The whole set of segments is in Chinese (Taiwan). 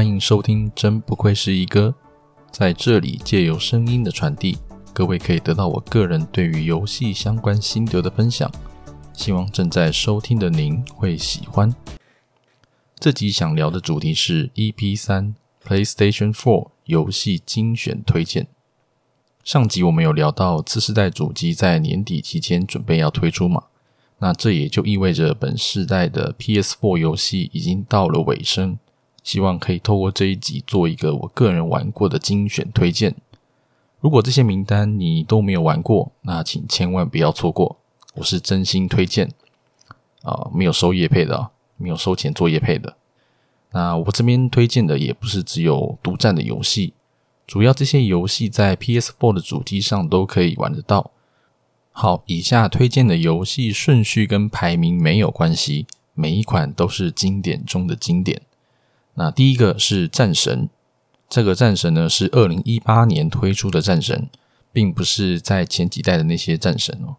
歡迎收聽，真不愧是一哥。在這裡，借由聲音的傳遞，各位可以得到我個人對於遊戲相關心得的分享。希望正在收聽的您會喜歡。這集想聊的主題是 EP3 PlayStation 4遊戲精選推薦。上集我們有聊到次世代主機在年底期間準備要推出嘛，那這也就意味着本世代的 PS4 遊戲已經到了尾聲。希望可以透過這一集做一個我個人玩過的精選推薦。如果這些名單你都沒有玩過，那請千萬不要錯過，我是真心推薦。啊、哦，沒有收業配的，沒有收錢做業配的。那我這邊推薦的也不是只有獨占的遊戲，主要這些遊戲在 PS4 的主機上都可以玩得到。好，以下推薦的遊戲順序跟排名沒有關係，每一款都是經典中的經典。那第一個是戰神，這個戰神呢是二零一八年推出的戰神，並不是在前幾代的那些戰神哦。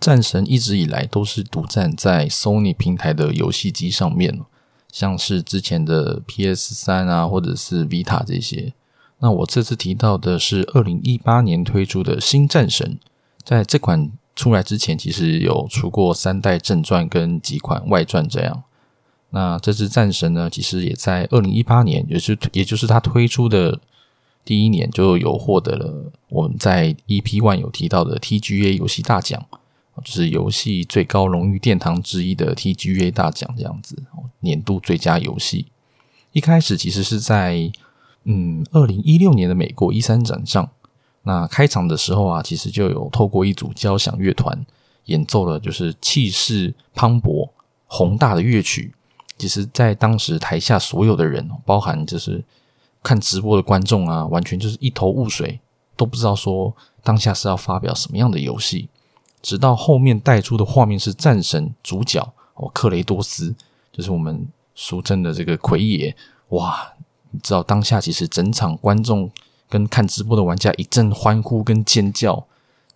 戰神一直以來都是獨占在 Sony 平台的遊戲機上面哦，像是之前的 PS 三啊，或者是 Vita 這些。那我這次提到的是二零一八年推出的《新戰神》，在這款出來之前，其實有出過三代正傳跟幾款外傳這樣。那這支戰神呢，其實也在二零一八年，也是也就是它推出的第一年，就有獲得了我們在 E P One 有提到的 T G A 遊戲大獎，就是遊戲最高榮譽殿堂之一的 T G A 大獎，這樣子年度最佳遊戲。一開始其實是在嗯二零一六年的美國 E 三展上，那開場的時候啊，其實就有透過一組交響樂團演奏了，就是氣勢磅礴、宏大的樂曲。其實，在當時台下所有的人，包含就是看直播的觀眾啊，完全就是一頭霧水，都不知道說當下是要發表什麼樣的遊戲。直到後面帶出的畫面是戰神主角哦，克雷多斯，就是我們俗稱的這個奎爺。哇！你知道當下其實整場觀眾跟看直播的玩家一陣歡呼跟尖叫，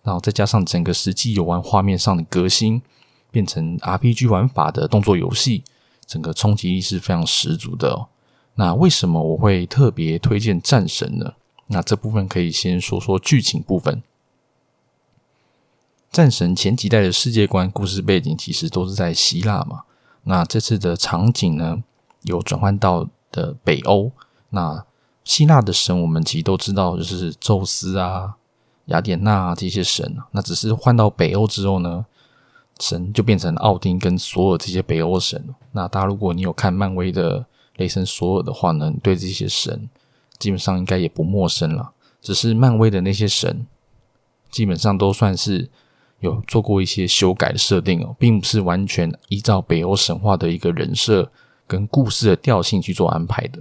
然後再加上整個實際遊玩畫面上的革新，變成 RPG 玩法的動作遊戲。整個衝擊力是非常十足的哦。那為什麼我會特別推薦戰神呢？那這部分可以先說說劇情部分。戰神前幾代的世界觀、故事背景其實都是在希臘嘛。那這次的場景呢，有轉換到的北歐。那希臘的神我們其實都知道，就是宙斯啊、雅典娜啊、這些神啊。那只是換到北歐之後呢？神就變成奧丁跟索爾這些北歐神。那大家如果你有看漫威的雷神索爾的話呢，對這些神基本上應該也不陌生了。只是漫威的那些神基本上都算是有做過一些修改的設定哦，並不是完全依照北歐神話的一個人設跟故事的調性去做安排的。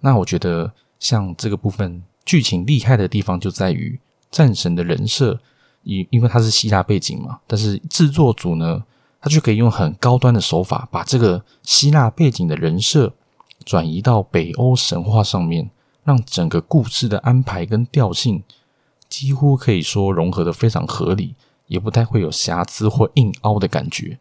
那我覺得像這個部分劇情厲害的地方就在於戰神的人設。因因為它是希臘背景嘛，但是制作組呢，它就可以用很高端的手法，把這個希臘背景的人設轉移到北歐神話上面，讓整個故事的安排跟調性幾乎可以說融合得非常合理，也不太會有瑕疵或硬凹的感覺。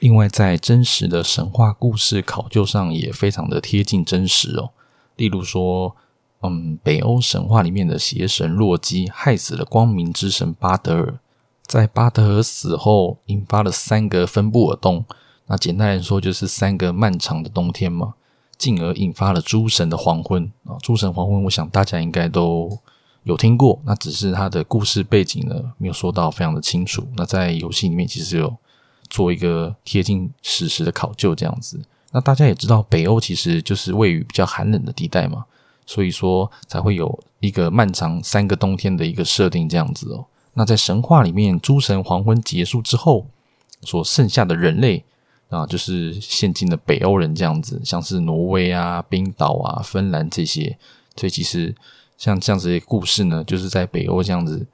另外，在真實的神話故事考究上也非常的貼近真實哦，例如說。嗯，北歐神話裡面的邪神洛基害死了光明之神巴德爾，在巴德爾死後，引發了三個芬布爾冬，那簡單來說就是三個漫長的冬天嘛，進而引發了諸神的黃昏啊。諸神黃昏，我想大家應該都有聽過，那只是他的故事背景呢，沒有說到非常的清楚。那在遊戲裡面其實有做一個貼近史實的考究，這樣子。那大家也知道，北歐其實就是位於比較寒冷的地帶嘛。所以說才會有一個漫長三個冬天的一個設定這樣子哦。那在神話裡面，諸神黃昏結束之後，所剩下的人類啊，就是現今的北歐人這樣子，像是挪威啊、冰島啊、芬蘭這些。所以其實像這樣子的故事呢，就是在北歐這樣子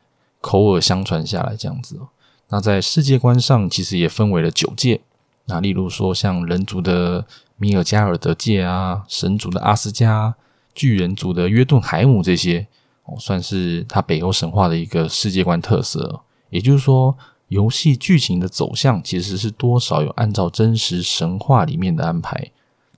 口耳相傳下來這樣子哦。那在世界觀上，其實也分為了九界。那例如說，像人族的米爾加爾德界啊，神族的阿斯加啊。巨人族的約頓海姆這些哦，算是他北歐神話的一個世界觀特色。也就是說，遊戲劇情的走向其實是多少有按照真實神話裡面的安排，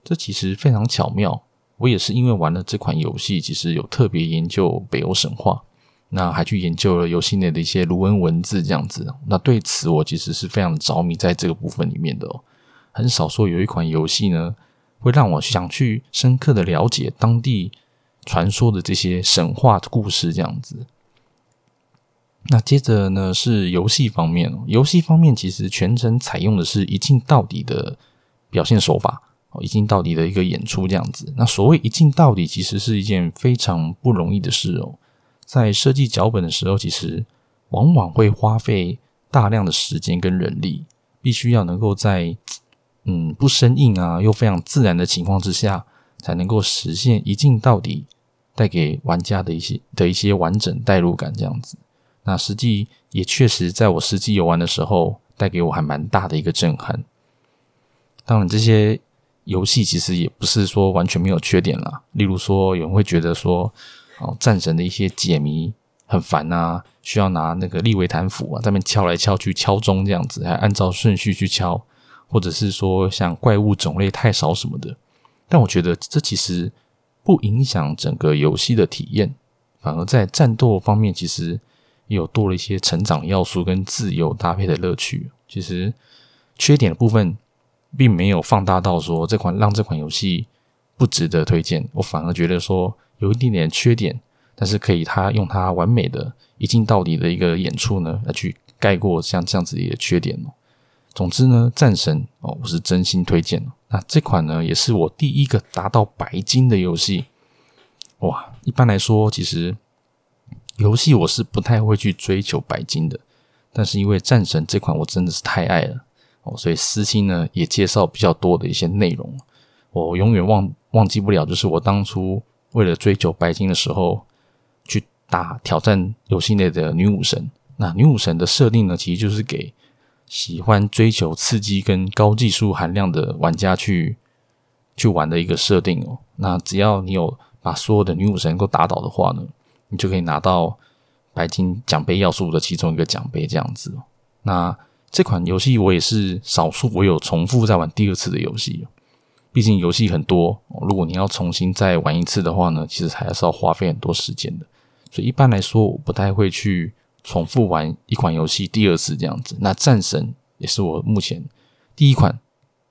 這其實非常巧妙。我也是因為玩了這款遊戲，其實有特別研究北歐神話，那還去研究了遊戲內的一些盧恩文字這樣子。那對此，我其實是非常着迷在這個部分裡面的哦。很少說有一款遊戲呢。會讓我想去深刻的了解當地傳說的這些神話故事，這樣子。那接着呢是遊戲方面。遊戲方面其實全程採用的是一鏡到底的表現手法，一鏡到底的一個演出這樣子。那所謂一鏡到底，其實是一件非常不容易的事哦、喔。在設計腳本的時候，其實往往會花費大量的時間跟人力，必須要能夠在。嗯，不生硬啊，又非常自然的情況之下，才能夠實現一鏡到底，帶給玩家，的一些的一些完整代入感這樣子。那實際也確實在我實際遊玩的時候，帶給我還蠻大的一個震撼。當然，這些遊戲其實也不是說完全沒有缺點啦，例如說，有人會覺得說，哦，戰神的一些解謎很煩啊，需要拿那個利維坦斧啊，在那邊敲來敲去敲鐘這樣子，還按照順序去敲。或者是說像怪物種類太少什麼的，但我覺得這其實不影響整個遊戲的體驗，反而在戰鬥方面其實也有多了一些成長要素跟自由搭配的樂趣。其實缺點的部分並沒有放大到說這款讓這款遊戲不值得推薦，我反而覺得說有一點點缺點，但是可以它用它完美的一鏡到底的一個演出呢，來去蓋過像這樣子的缺點哦。總之呢，戰神哦，我是真心推薦。那這款呢，也是我第一個達到白金的遊戲。哇，一般來說，其實遊戲我是不太會去追求白金的，但是因為戰神這款，我真的是太愛了哦，所以私心呢，也介紹比較多的一些內容。我永遠忘忘，記不了，就是我當初為了追求白金的時候，去打挑戰遊戲內的女武神。那女武神的設定呢，其實就是給。喜歡追求刺激跟高技術含量的玩家去去玩的一個設定哦。那只要你有把所有的女武神能夠打倒的話呢，你就可以拿到白金獎杯要素的其中一個獎杯這樣子。那這款遊戲我也是少數我有重複再玩第二次的遊戲。畢竟遊戲很多，如果你要重新再玩一次的話呢，其實還是要花費很多時間的。所以一般來說，我不太會去。重複玩一款遊戲第二次這樣子，那戰神也是我目前第一款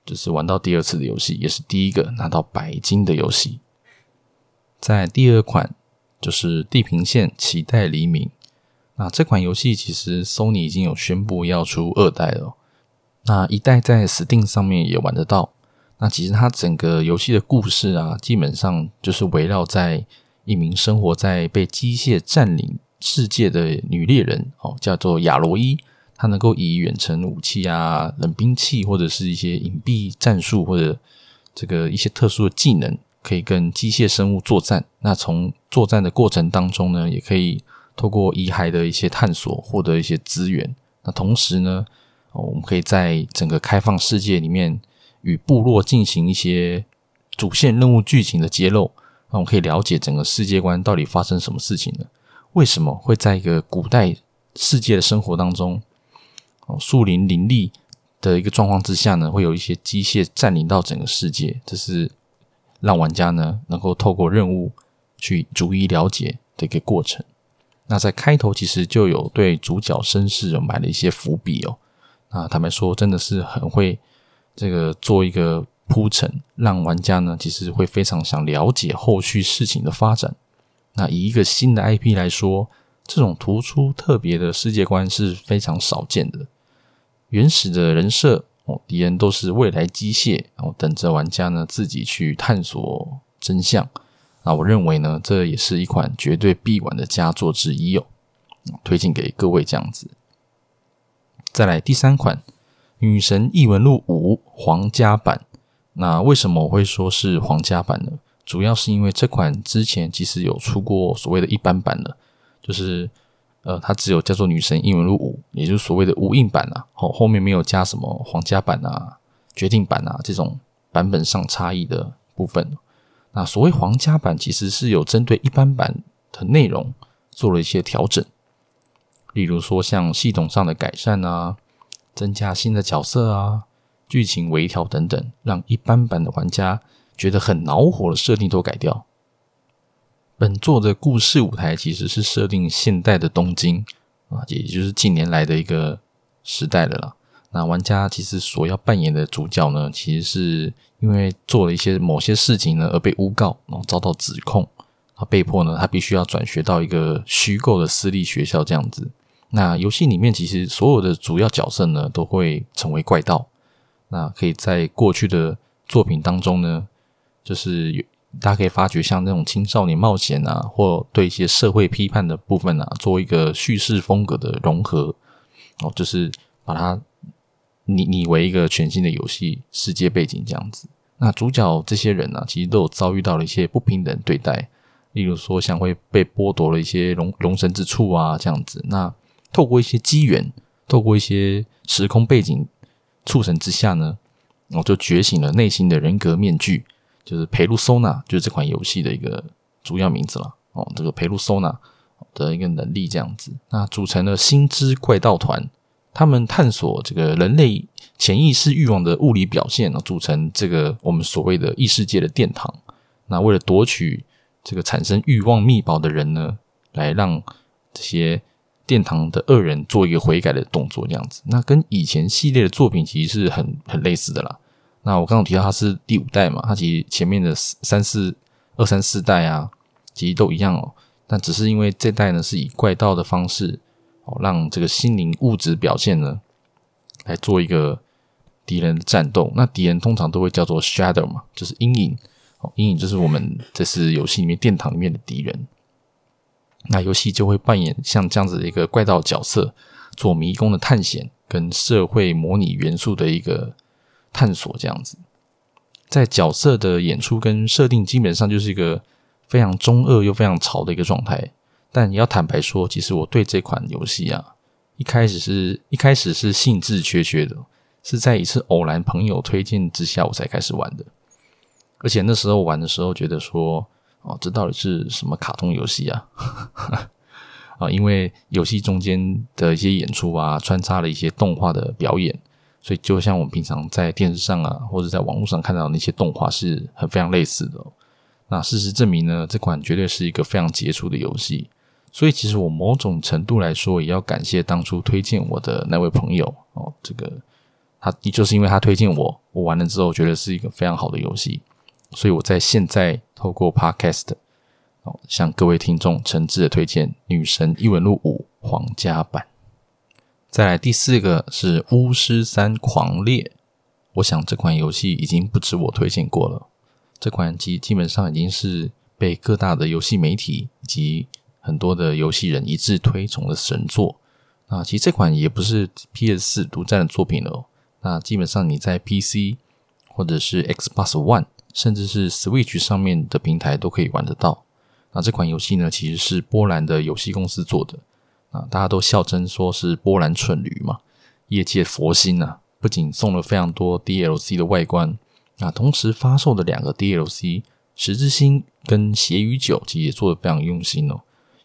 就是玩到第二次的遊戲，也是第一個拿到白金的遊戲。在第二款就是《地平線：期待黎明》，那這款遊戲其實 Sony 已經有宣佈要出二代了，那一代在 Steam 上面也玩得到。那其實它整個遊戲的故事啊，基本上就是圍繞在一名生活在被機械佔領。世界的女獵人哦，叫做雅羅伊，她能夠以遠程武器啊、冷兵器或者是一些隱蔽戰術，或者這個一些特殊的技能，可以跟機械生物作戰。那從作戰的過程當中呢，也可以透過遺骸的一些探索，獲得一些資源。那同時呢，我們可以在整個開放世界裡面與部落進行一些主線任務劇情的揭露，那我們可以了解整個世界觀到底發生什麼事情了。為什麼會在一個古代世界的生活當中，哦，樹林林立的一個狀況之下呢？會有一些機械佔領到整個世界，這是讓玩家呢能夠透過任務去逐一了解的一個過程。那在開頭其實就有對主角身世有埋了一些伏筆哦。那坦白說真的是很會這個做一個鋪陳，讓玩家呢其實會非常想了解後續事情的發展。那以一個新的 IP 來說，這種突出特別的世界觀是非常少見的。原始的人設哦，敵人都是未來機械，然後等着玩家呢，自己去探索真相。那我認為呢，這也是一款絕對必玩的佳作之一哦，推薦給各位這樣子。再來第三款，《女神異聞錄五》皇家版。那為什麼我會說是皇家版呢？主要是因為這款之前其實有出過所謂的一般版的，就是呃，它只有叫做女神異聞錄五，也就是所謂的無印版啊，後後面沒有加什麼皇家版啊、決定版啊這種版本上差異的部分。那所謂皇家版其實是有針對一般版的內容做了一些調整，例如說像系統上的改善啊、增加新的角色啊、劇情微調等等，讓一般版的玩家。覺得很惱火的設定都改掉。本作的故事舞台其實是設定現代的東京啊，也就是近年來的一個時代了啦。那玩家其實所要扮演的主角呢，其實是因為做了一些某些事情呢而被誣告，然後遭到指控，啊，被迫呢，他必須要轉學到一個虛構的私立學校這樣子。那遊戲裡面其實所有的主要角色呢都會成為怪盜，那可以在過去的作品當中呢。就是大家可以發覺，像那種青少年冒險啊，或對一些社會批判的部分啊，做一個敘事風格的融合哦，就是把它擬擬為一個全新的遊戲世界背景這樣子。那主角這些人呢、啊，其實都有遭遇到了一些不平等對待，例如說像會被剝奪了一些容容身之處啊這樣子。那透過一些機緣，透過一些時空背景促成之下呢，我、哦、就覺醒了內心的人格面具。就是培路搜納，就是這款遊戲的一個主要名字了哦。這個培路搜納的一個能力這樣子，那組成了心之怪盜團，他們探索這個人類潛意識慾望的物理表現，組成這個我們所謂的異世界的殿堂。那為了奪取這個產生慾望秘寶的人呢，來讓這些殿堂的惡人做一個悔改的動作這樣子。那跟以前系列的作品其實是很很類似的啦。那我剛剛有提到它是第五代嘛，它其實前面的三四二三四代啊，其實都一樣哦。但只是因為這代呢是以怪盜的方式哦，讓這個心靈物質表現呢來做一個敵人的戰鬥。那敵人通常都會叫做 Shadow 嘛，就是陰影哦，陰影就是我們這次遊戲裡面殿堂裡面的敵人。那遊戲就會扮演像這樣子的一個怪盜角色，做迷宮的探險跟社會模擬元素的一個。探索這樣子，在角色的演出跟設定，基本上就是一個非常中二又非常潮的一個狀態。但你要坦白說，其實我對這款遊戲啊，一開始是一開始是興致缺缺的，是在一次偶然朋友推薦之下，我才開始玩的。而且那時候玩的時候，覺得說哦，這到底是什麼卡通遊戲啊？哈哈啊，因為遊戲中間的一些演出啊，穿插了一些動畫的表演。所以，就像我們平常在電視上啊，或者在網絡上看到的那些動畫，是很非常類似的哦。那事實證明呢，這款絕對是一個非常傑出的遊戲。所以，其實我某種程度來說，也要感謝當初推薦我的那位朋友哦。這個他就是因為他推薦我，我玩了之後覺得是一個非常好的遊戲。所以，我在現在透過 Podcast 哦，向各位聽眾誠摯的推薦《女神異聞錄五皇家版》。再來第四個是《巫師三：狂獵》，我想這款遊戲已經不止我推薦過了，這款機基本上已經是被各大的遊戲媒體以及很多的遊戲人一致推崇的神作。那其實這款也不是 PS4 獨占的作品哦，那基本上你在 PC 或者是 Xbox One，甚至是 Switch 上面的平台都可以玩得到。那這款遊戲呢，其實是波蘭的遊戲公司做的。啊，大家都笑稱說是波蘭蠢驢嘛。業界佛心啊，不僅送了非常多 DLC 的外觀，那、啊、同時發售的兩個 DLC，《石之心》跟《血與酒》其實也做得非常用心哦。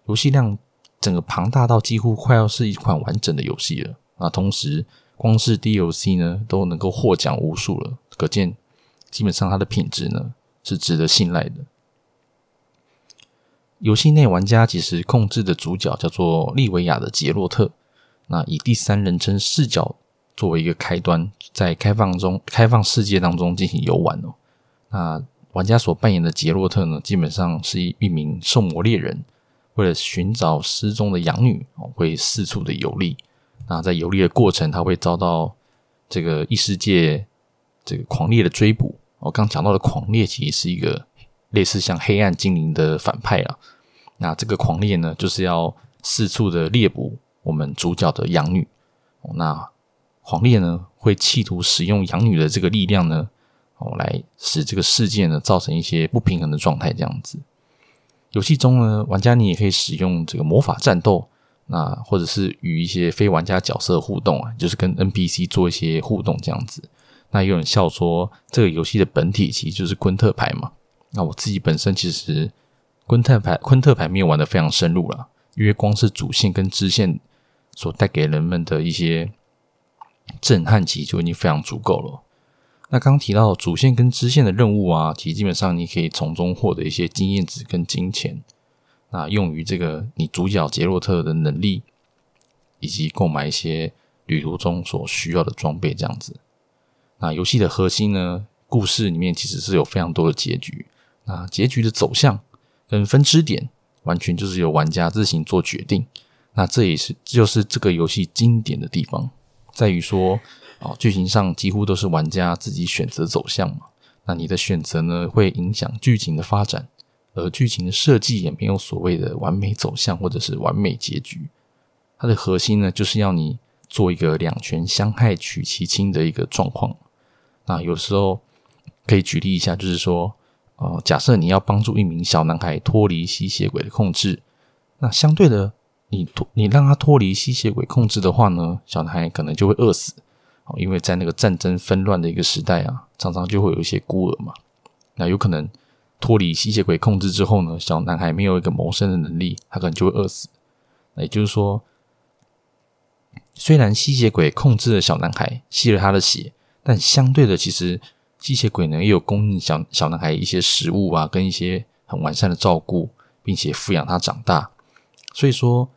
遊戲量整個龐大到幾乎快要是一款完整的遊戲了。啊，同時，光是 DLC 呢都能夠獲獎無數了，可見基本上它的品質呢是值得信賴的。遊戲內玩家其實控制的主角叫做利維亞的傑洛特，那以第三人稱視角作為一個開端，在開放中開放世界當中進行遊玩哦。那玩家所扮演的傑洛特呢，基本上是一名狩魔獵人，為了尋找失蹤的養女，會四處的遊歷。那在遊歷的過程，他會遭到這個異世界這個狂獵的追捕。我剛講到的狂獵其實是一個類似像黑暗精靈的反派啊。那這個狂獵呢，就是要四處的獵捕我們主角的養女。那狂獵呢，會企圖使用養女的這個力量呢，哦，來使這個世界呢造成一些不平衡的狀態，這樣子。遊戲中呢，玩家你也可以使用這個魔法戰鬥，那或者是與一些非玩家角色互動啊，就是跟 NPC 做一些互動這樣子。那有人笑說這個遊戲的本體其實就是昆特牌嘛。那我自己本身其實。昆特牌，昆特牌沒有玩得非常深入了，因為光是主線跟支線所帶給人們的一些震撼級就已經非常足夠了。那剛提到主線跟支線的任務啊，其實基本上你可以從中獲得一些經驗值跟金錢，那用於這個你主角傑洛特的能力，以及購買一些旅途中所需要的裝備，這樣子。那遊戲的核心呢，故事裡面其實是有非常多的結局，那結局的走向。嗯，分支點完全就是由玩家自行做決定，那這也是就是這個遊戲經典的地方，在於說啊，劇情上幾乎都是玩家自己選擇走向嘛。那你的選擇呢，會影響劇情的發展，而劇情的設計也沒有所謂的完美走向或者是完美結局。它的核心呢，就是要你做一個兩全相害取其輕兩權相害取其輕的一個狀況。那有時候可以舉例一下，就是說。呃，假設你要幫助一名小男孩脫離吸血鬼的控制，那相對的你，你你讓他脫離吸血鬼控制的話呢，小男孩可能就會餓死。哦，因為在那個戰爭紛亂的一個時代啊，常常就會有一些孤兒嘛。那有可能脫離吸血鬼控制之後呢，小男孩沒有一個謀生的能力，他可能就會餓死。那也就是說，雖然吸血鬼控制了小男孩，吸了他的血，但相對的，其實。吸血鬼呢也有供應小小男孩一些食物啊，跟一些很完善的照顧，並且撫養他長大。所以說，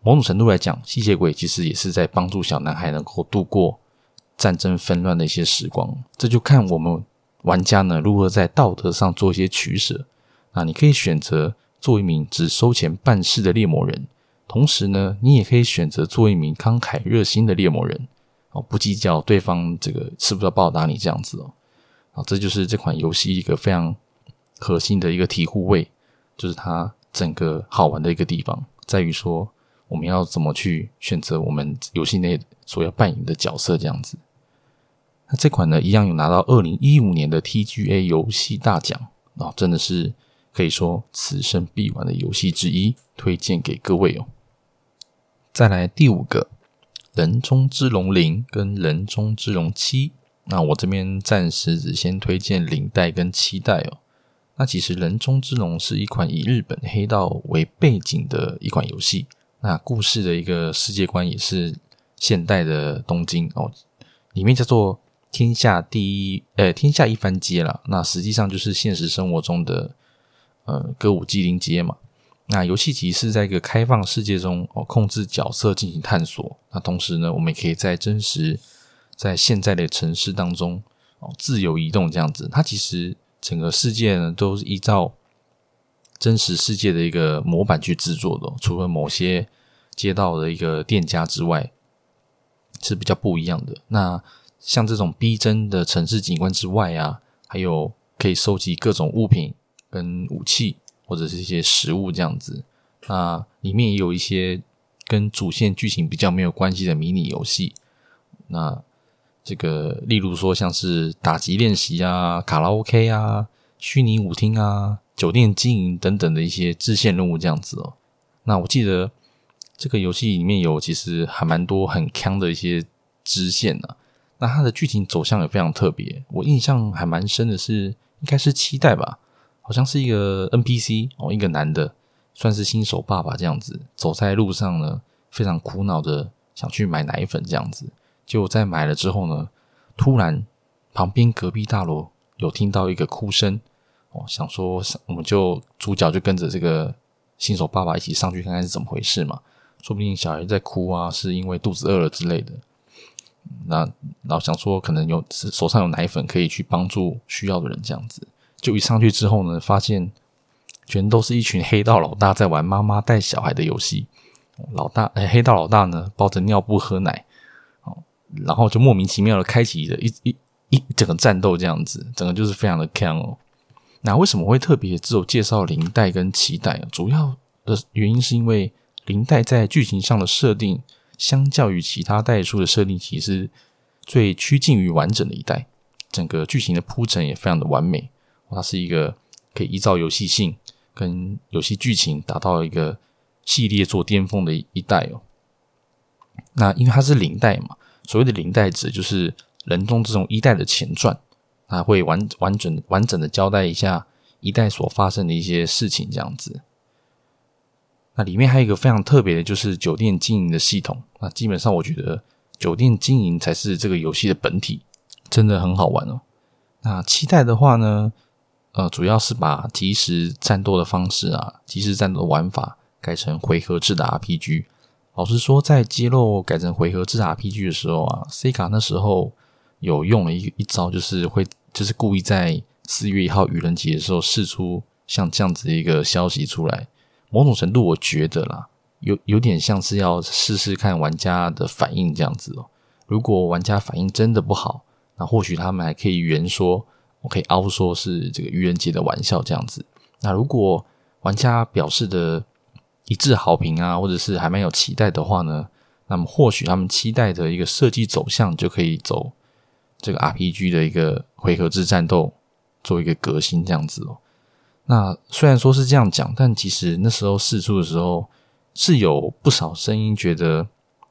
某種程度來講，吸血鬼其實也是在幫助小男孩能夠度過戰爭紛亂的一些時光。這就看我們玩家呢如何在道德上做一些取舍。啊，你可以選擇做一名只收錢辦事的獵魔人，同時呢，你也可以選擇做一名慷慨熱心的獵魔人哦，不計較對方這個是不是要報答你這樣子哦。啊，這就是這款遊戲一個非常核心的一個體護位，就是它整個好玩的一個地方，在於說我們要怎麼去選擇我們遊戲內所要扮演的角色這樣子。那這款呢，一樣有拿到二零一五年的 TGA 遊戲大獎啊，真的是可以說此生必玩的遊戲之一，推薦給各位哦。再來第五個，《人中之龍零》跟《人中之龍七》。那我這邊暫時只先推薦零代跟七代哦。那其實《人中之龍》是一款以日本黑道為背景的一款遊戲。那故事的一個世界觀也是現代的東京哦。裡面叫做“天下第一”呃“天下一番街”啦。那實際上就是現實生活中的呃歌舞伎町街嘛。那遊戲其實是在一個開放世界中哦，控制角色進行探索。那同時呢，我們也可以在真實。在現在的城市當中，哦，自由移動這樣子，它其實整個世界呢都是依照真實世界的一個模板去製作的，除了某些街道的一個店家之外，是比較不一樣的。那像這種逼真的城市景觀之外啊，還有可以收集各種物品，跟武器或者是一些食物這樣子。那裡面也有一些跟主線劇情比較沒有關係的迷你遊戲。那這個，例如說像是打擊練習啊、卡拉 OK 啊、虛擬舞廳啊、酒店經營等等的一些支線任務這樣子哦。那我記得這個遊戲裡面有其實還蠻多很坑的一些支線呢、啊，那它的劇情走向也非常特別。我印象還蠻深的是，應該是七代吧，好像是一個 NPC 哦，一個男的，算是新手爸爸這樣子，走在路上呢，非常苦惱的想去買奶粉這樣子。就在買了之後呢，突然旁邊隔壁大樓有聽到一個哭聲，哦，想說我們就主角就跟着這個新手爸爸一起上去看看是怎麼回事嘛，說不定小孩在哭啊，是因為肚子餓了之類的。那老想說可能有手上有奶粉可以去幫助需要的人這樣子，就一上去之後呢，發現全都是一群黑道老大在玩媽媽帶小孩的遊戲，老大，哎，黑道老大呢，抱着尿布喝奶。然後就莫名其妙的開啟了一一一,一整個戰鬥這樣子，整個就是非常的 can 哦。那為什麼會特別只有介紹零代跟七代？主要的原因是因為零代在劇情上的設定，相較於其他代數的設定，其實最趨近於完整的一代。整個劇情的鋪陳也非常的完美，它是一個可以依照遊戲性跟遊戲劇情達到一個系列作巔峰的一,一代哦。那因為它是零代嘛。所謂的零代指就是人中這種一代的前傳，啊，會完完整完整的交代一下一代所發生的一些事情，這樣子。那裡面還有一個非常特別的，就是酒店經營的系統。那基本上我覺得酒店經營才是這個遊戲的本體，真的很好玩哦。那七代的話呢，呃，主要是把即時戰鬥的方式啊，即時戰鬥的玩法改成回合制的 RPG。老實說，在揭露改成回合制 RPG 的時候啊，SEGA 那時候有用了一一招，就是會就是故意在四月一號愚人節的時候釋出像這樣子的一個消息出來。某種程度，我覺得啦，有有點像是要試試看玩家的反應這樣子哦、喔。如果玩家反應真的不好，那或許他們還可以圓說，我可以凹說是這個愚人節的玩笑這樣子。那如果玩家表示的。一致好評啊，或者是還蠻有期待的話呢，那麼或許他們期待的一個設計走向就可以走這個 RPG 的一個回合制戰鬥，做一個革新這樣子哦。那雖然說是這樣講，但其實那時候試出的時候是有不少聲音覺得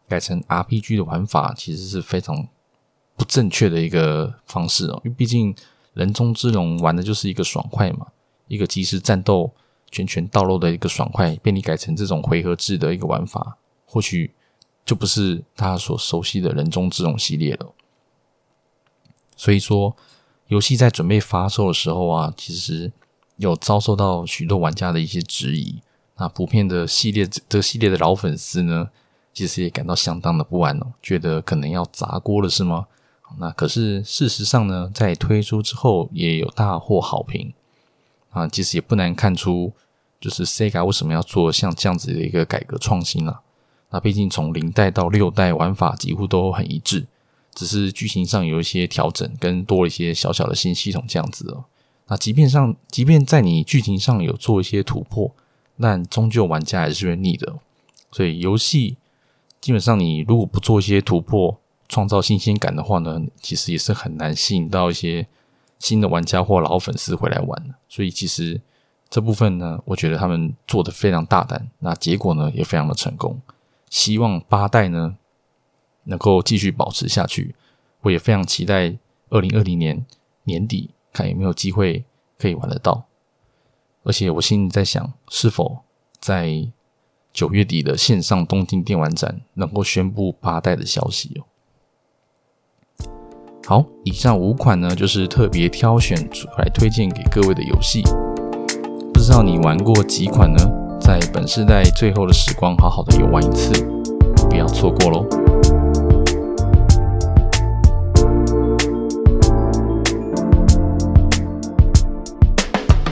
改成 RPG 的玩法其實是非常不正確的一個方式哦，因為畢竟人中之龍玩的就是一個爽快嘛，一個即時戰鬥。拳拳到肉的一個爽快，被你改成這種回合制的一個玩法，或許就不是大家所熟悉的人中之龍系列了。所以說，遊戲在準備發售的時候啊，其實有遭受到許多玩家的一些質疑。那普遍的系列，這個系列的老粉絲呢，其實也感到相當的不安哦，覺得可能要砸鍋了是嗎？那可是事實上呢，在推出之後，也有大獲好評。啊，其實也不難看出，就是 Sega 為什麼要做像這樣子的一個改革創新啦。那畢竟從零代到六代玩法幾乎都很一致，只是劇情上有一些調整，跟多了一些小小的新系統這樣子哦。那即便上，即便在你劇情上有做一些突破，那終究玩家還是會膩的。所以遊戲基本上你如果不做一些突破，創造新鮮感的話呢，其實也是很難吸引到一些。新的玩家或老粉絲回來玩，所以其實這部分呢，我覺得他們做得非常大膽，那結果呢也非常的成功。希望八代呢能夠繼續保持下去，我也非常期待二零二零年年底看有沒有機會可以玩得到。而且我心裡在想，是否在九月底的線上東京電玩展能夠宣布八代的消息哦。好，以上五款呢，就是特別挑選出來推薦給各位的遊戲。不知道你玩過幾款呢？在本世代最後的時光，好好的遊玩一次，不要錯過嘍。